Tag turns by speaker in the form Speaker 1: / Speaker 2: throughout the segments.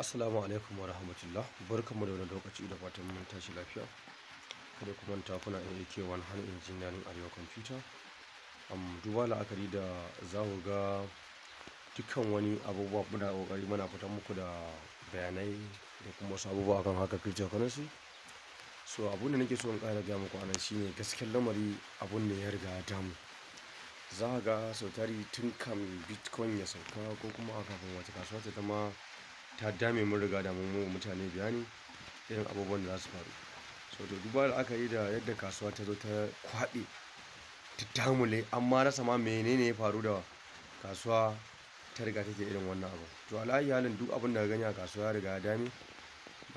Speaker 1: assalamu alaikum wa rahmatullah mu da wani lokaci da fatan mun tashi lafiya kada ku manta kuna aak wani hannun injiniyarin arewa kwamfuta am duba la'akari da za mu ga dukkan wani abubuwa muna kokari muna fitan muku da bayanai da kuma wasu abubuwa kan haka cryptocurrency so abun da nake so in kara gaya muku anan shine gaskiyar lamari abun ne ya riga ya damu za ga sautari tun kam bitcoin ya sauka ko kuma a kafin wata kasuwa ta zama ta dame mun riga da mu mutane bayani irin abubuwan da za su faru so to duba da aka yi da yadda kasuwa ta zo ta kwaɗe ta tamule amma rasa ma menene ya faru da kasuwa ta riga take irin wannan abu to alayi halin duk abin da gani a kasuwa ya riga ya dame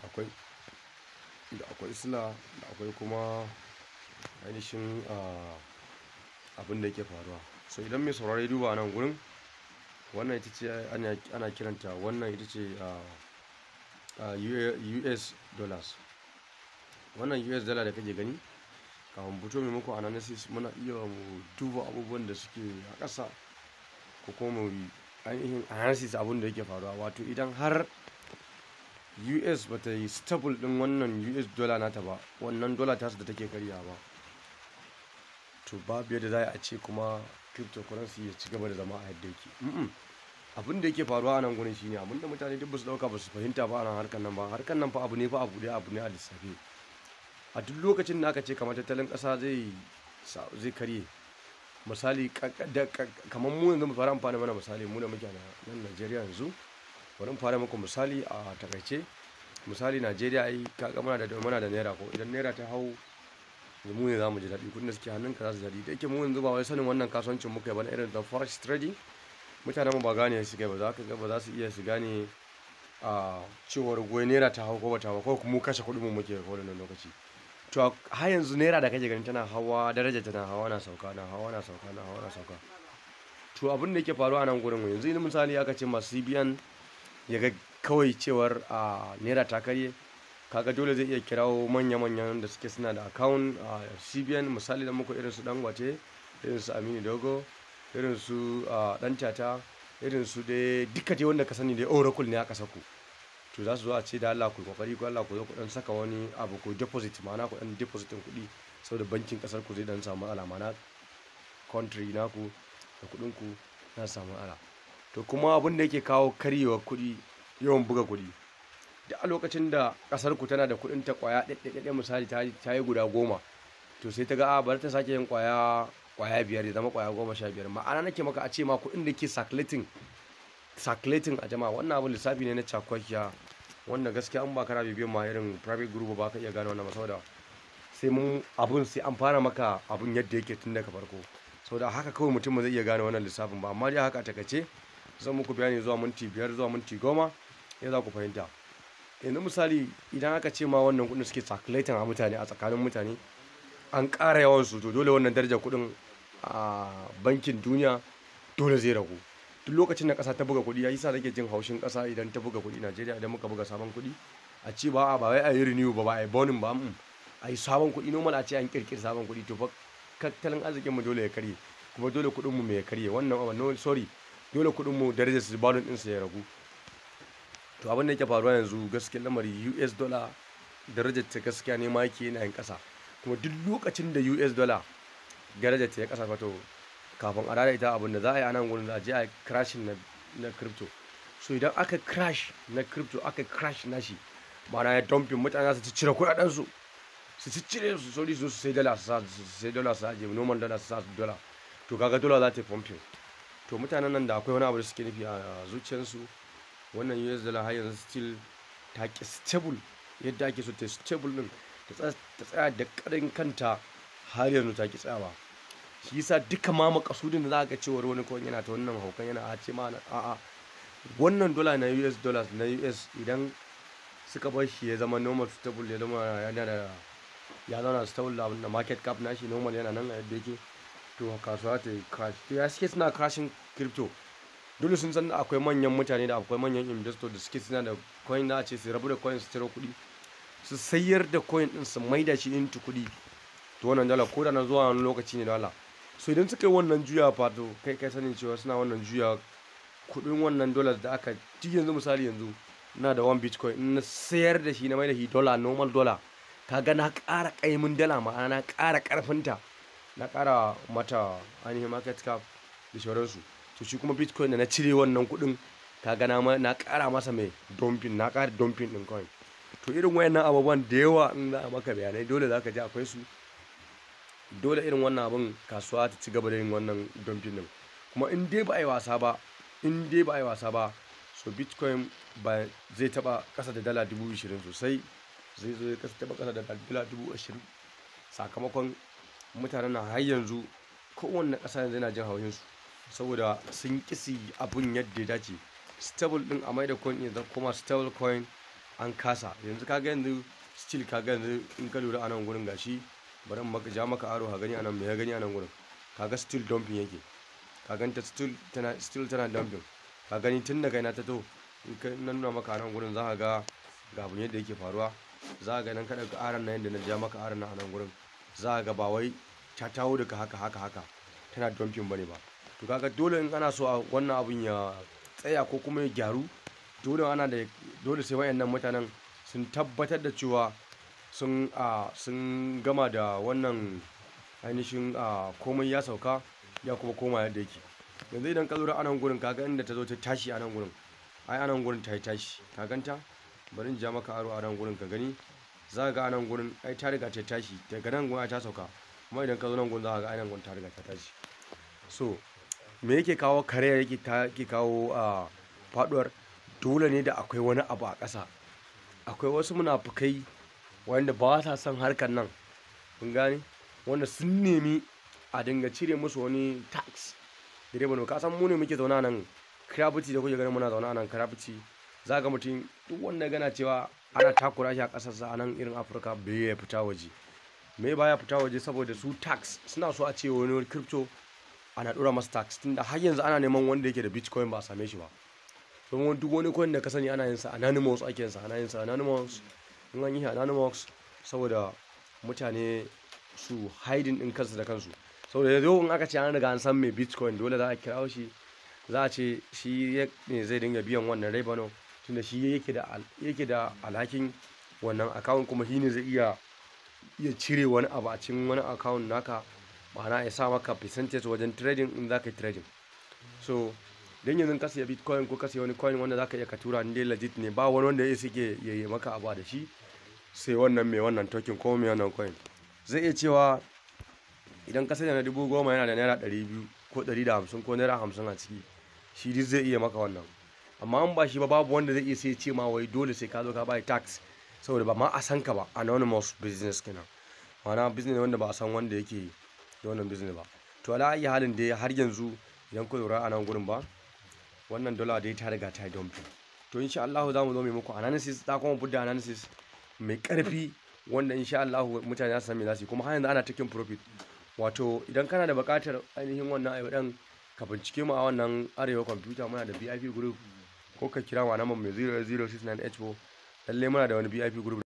Speaker 1: akwai da akwai isla da akwai kuma ainihin ah, abin da yake faruwa so idan mai saurari duba nan gurin wannan ita ce ana kiranta wannan ita ce ah, ah, us dollars wannan us dollar da kake gani kafin mai muku analysis muna iya mu duba abubuwan da suke a ƙasa ko kuma mu ainihin analysis abin da yake faruwa wato idan har us bata yi stable din wannan us dollar nata ba wannan dollar tasu da take karya ba to babu yadda za a ce kuma cryptocurrency ya ci gaba da zama a yadda yake abin da yake faruwa a nan gurin shine abin da mutane duk su dauka ba su fahimta ba a nan harkar nan ba harkar nan fa abu ne fa abu ne abu ne a lissafi. a duk lokacin da aka ce kamar tattalin kasa zai zai karye misali kamar mu yanzu mu fara amfani mana misali mu da muke nan Najeriya yanzu bari mu fara muku misali a takaice misali Najeriya ai kaga muna da muna da naira ko idan naira ta hau yanzu mu ne za mu ji daɗi kudin da suke hannunka za su daɗi da yake mu yanzu ba wai sanin wannan kasuwancin muka yi ba na irin da forex trading mutanen mu ba gane su kai ba za ka ga ba za su iya su gane a cewar goyi naira ta hau ko ba ta hau ko mu kashe kuɗin mu muke ko wannan lokaci to har yanzu naira da kake ganin tana hawa daraja tana hawa na sauka na hawa na sauka na hawa na sauka to abin da yake faruwa a nan gurin yanzu idan misali aka ce masu biyan ya ga kawai cewar a naira ta karye kaga dole zai iya kirawo manya-manyan da suke suna da account a cbn misali da muku irin su dangote irin su aminu dogo irin su dan tata irin su dai duka dai wanda ka sani dai oracle ne aka saku to za su zo a ce da Allah ku kokari ku Allah ku zo ku dan saka wani abu ko deposit ma'ana ku dan depositin kuɗi saboda bankin kasar ku zai dan samu ala ma'ana country naku da kuɗin ku na samu ala to kuma abin da yake kawo karyewar kuɗi yawan buga kuɗi duk a lokacin da kasar ku tana da kuɗin ta kwaya ɗaiɗaiɗaiɗai misali ta yi guda goma to sai ta ga a ah, bar ta sake yin kwaya kwaya biyar zama kwaya goma sha biyar ma'ana nake maka a ce ma kuɗin da ke circulating circulating a jama'a wannan abin lissafi ne na cakwakiya wanda gaskiya an ba kana bibiyan ma irin private group ba ka iya gano wannan saboda sai mun abun sai an fara maka abun yadda yake tun daga farko saboda haka kawai mutum zai iya gane wannan lissafin ba amma dai haka a takaice zan muku bayani zuwa minti biyar zuwa minti goma ya za ku fahimta yanzu misali idan aka ce ma wannan kudin suke circulating a mutane a tsakanin mutane an ƙara yawan su to dole wannan darajar kudin a bankin duniya dole zai ragu duk lokacin da ƙasa ta buga kuɗi yayi sa nake jin haushin ƙasa idan ta buga kuɗi Najeriya idan muka buga sabon kuɗi a ce ba ba wai a yi renew ba ba a yi bonin ba mm, a yi sabon kuɗi normal a ce an kirkiri sabon kuɗi to fa tattalin arzikin mu dole ya karye kuma dole kuɗin mu mai ya karye wannan oh, no sorry dole kuɗin mu darajar su bonin din su ya ragu to abin da yake faruwa yanzu gaskiyar lamari us dollar darajar ta gaskiya ne ma yake yana yin ƙasa kuma duk lokacin da us dollar darajar ta ya fa fato kafin a ita abin da za a yi a nan gudun za a je a crash na crypto so idan aka crash na crypto aka crash na shi ma'ana ya dumping mutane su cire kuɗaɗensu su cire su sauri su sai dala su sai dala su aje normal dala su sa dala to kaga dala za ta yi pumping to mutanen nan da akwai wani abu da suke nufi a zuciyarsu wannan us dollar har yanzu still ta ki stable yadda ake so ta stable din ta tsaya da karin kanta har yanzu ta ki tsawa shi yasa duka ma makasudin da za ga cewa wani kawai yana ta wannan haukan yana a ce ma a'a wannan dola na us dollars na us idan suka bar shi ya zama normal stable ya zama yana da ya zauna stable da market cap nashi normal yana nan a yadda yake to kasuwa ta yi crash to ya suke suna crashing crypto dole sun san akwai manyan mutane da akwai manyan investor da suke suna da coin na ce su rabu da coin su ciro kuɗi su sayar da coin din su maida shi into kuɗi to wannan dala ko da na zuwa wani lokaci ne dala so idan suka yi wannan juya fato kai kai sanin cewa suna wannan juya kuɗin wannan dollars da aka ci yanzu misali yanzu na da one bitcoin in na sayar da shi na maida shi dollar normal dollar kaga na kara ƙaimin dala ma'ana na ƙara ƙarfinta na ƙara mata ainihin market cap da sauransu to shi kuma bitcoin da na cire wannan kuɗin kaga na na ƙara masa mai dumping na ƙara dumping ɗin coin to irin wayannan abubuwan da yawa in za a maka bayanai dole za ka ji akwai su dole irin wannan abin kasuwa ta ci gaba da yin wannan dumping ɗin kuma in dai ba a yi wasa ba in dai ba a yi wasa ba so bitcoin ba zai taɓa ƙasa da dala dubu ishirin sosai zai zo ya taɓa ƙasa da dala dubu ashirin sakamakon mutane na har yanzu kowanne ƙasa yanzu yana jin hauhinsu. saboda sun kisi abun yadda ya dace stable din a mai da coin yanzu kuma stable coin an kasa yanzu kaga yanzu still kaga yanzu in ka lura anan gurin gashi bari maka ja maka aro ha gani anan me ya gani anan gurin kaga still dumping yake ka ganta still tana still tana dumping ka gani tun daga ina ta to in ka nuna maka anan gurin za ka ga ga abun yadda yake faruwa za ka ga nan ka dauka aran nan yanda na ja maka aran nan anan gurin za ka ga ba wai ta tawo daga haka haka haka tana dumping bane ba to kaga dole in ana so a wannan abun ya tsaya ko kuma ya gyaru dole ana da dole sai wayannan mutanen sun tabbatar da cewa sun a sun gama da wannan ainihin a komai ya sauka ya kuma koma yadda yake yanzu idan ka lura anan gurin kaga inda ta zo ta tashi anan gurin ai anan gurin ta yi tashi ka ganta bari in ja maka aro anan gurin ka gani za ga anan gurin ai ta riga ta tashi daga nan gurin ta sauka kuma idan ka zo nan gurin za ka ga anan gurin ta riga ta tashi so me yake kawo kare yake ke kawo a faduwar dole ne da akwai wani abu a ƙasa akwai wasu munafukai wanda ba sa son harkar nan kun gane wanda sun nemi a dinga cire musu wani tax direban ka san mu ne muke zauna nan kirabici da kuke ganin muna zauna nan kirabici za ga mutum duk wanda gana cewa ana takura shi a ƙasarsa a nan irin afirka bai ya fita waje me baya fita waje saboda su tax suna so a ce wani crypto ana dora masa tax tunda har yanzu ana neman wanda yake da bitcoin ba a same shi ba domin duk wani coin da ka sani ana yin sa anonymous ake yin sa ana yin sa anonymous in an yi anonymous saboda mutane su hiding din kansu da kansu saboda yanzu in aka ce an riga an san mai bitcoin dole za a kira shi za a ce shi ne zai dinga biyan wannan revenue tunda shi yake da yake da alhakin wannan account kuma shi ne zai iya iya cire wani abu a cikin wani account naka ma'ana ya sa maka percentage wajen trading in za ka yi trading so don yanzu ka siya bitcoin ko ka siya wani coin wanda za ka iya ka tura dai legit ne ba wani wanda ya suke yayi maka abu da shi sai wannan mai wannan token ko mai wannan coin zai iya cewa idan ka sanya na dubu goma yana da naira ɗari biyu ko ɗari da hamsin ko naira hamsin a ciki shi duk zai iya maka wannan amma an ba shi ba babu wanda zai iya sai ce ma wai dole sai ka zo ka bai tax saboda ba ma a san ka ba anonymous business kenan ma'ana business wanda ba a san wanda yake yi da wannan business ba to ala ayi halin dai har yanzu idan ku lura a nan gurin ba wannan dola dai ta riga ta dumping to insha Allah za mu zo mai muku analysis za kuma budda analysis mai karfi wanda insha Allah mutane za su san me za su yi kuma har yanzu ana taking profit wato idan kana da buƙatar ainihin wannan ayo dan ka bincike mu a wannan arewa computer muna da VIP group ko ka kira wa nan mai 0069H4 lalle muna da wani VIP group